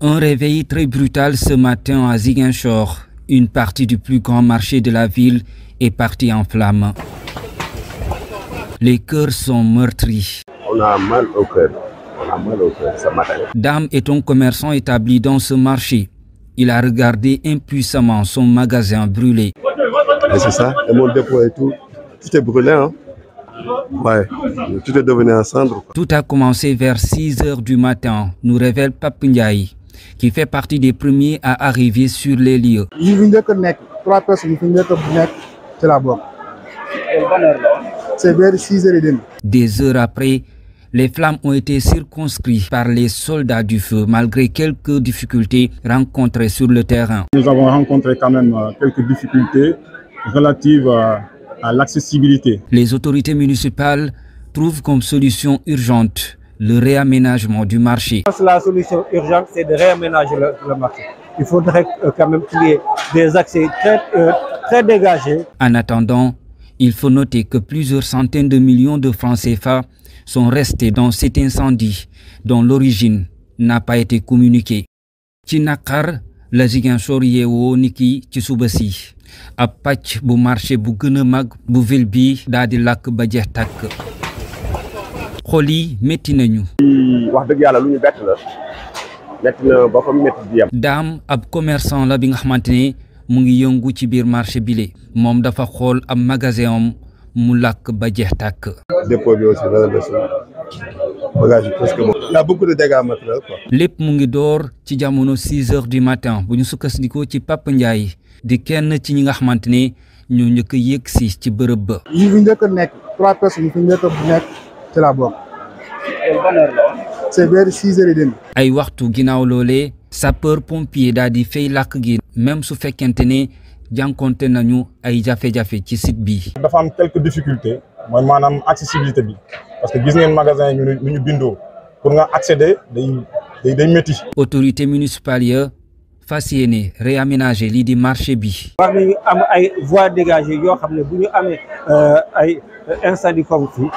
Un réveil très brutal ce matin à Ziguinchor. Une partie du plus grand marché de la ville est partie en flammes. Les cœurs sont meurtris. On a mal au cœur. On a mal au cœur Dame est un commerçant établi dans ce marché. Il a regardé impuissamment son magasin brûlé. c'est ça, mon dépôt et tout, tout est brûlé. Hein? Ouais, tout est devenu un cendre. Tout a commencé vers 6 h du matin, nous révèle Papunyaï qui fait partie des premiers à arriver sur les lieux. Des heures après, les flammes ont été circonscrites par les soldats du feu malgré quelques difficultés rencontrées sur le terrain. Nous avons rencontré quand même euh, quelques difficultés relatives euh, à l'accessibilité. Les autorités municipales trouvent comme solution urgente le réaménagement du marché. La solution urgente, c'est de réaménager le, marché. Il faudrait euh, quand même qu'il y ait des accès très, euh, très dégagés. En attendant, il faut noter que plusieurs centaines de millions de francs CFA sont restés dans cet incendie dont l'origine n'a pas été communiquée. ci la zigan NIKI ni niki ci bu marché bu mag bu ville bi di xol yi métti nañu. wax deug yalla luñu bet la métti na ba fa métti di yem. ab commerçant la bi nga xamanteni mu ngi yëngu ci biir marché bile mom dafa xol am magasin am mu lak ba jeex tak depo bi aussi la des bagage yi presque moom. y beaucoup de dégâts matériels quoi. lépp mu ngi door ci jamono 6h du matin bu ñu diko ci pap ndjay di kenn ci ñi nga xamante ñu ñëk yeksi ci bërepp ba. yi fi njëkk a nekk trois personnes yi fi njëkk nekk. C'est laa bokk. c'est vers 6 h et ay waxtu ginaaw lolé sapeur pompier daal di fay lak gi même su fekkente ni jankonté nañu ay Jafé, jafé ci site bi. dafa am quelques difficultés moy manam accessibilité bi parce que gis ngeen magasin ñu ñu pour nga accéder day day métti. autorité municipale fas réaménager li di marché bi. war nañu am ay voies dégagées yo xamné buñu amé ñu euh, ay incendie comme fii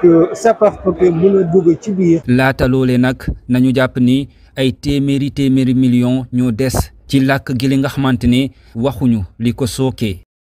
que sapeurs-pompiers mën a dugg ci biir. laata loolee nak nañu japp ni ay téméri téméri millions ñoo dess ci làkk gi li nga xamante ne waxuñu li ko sookee.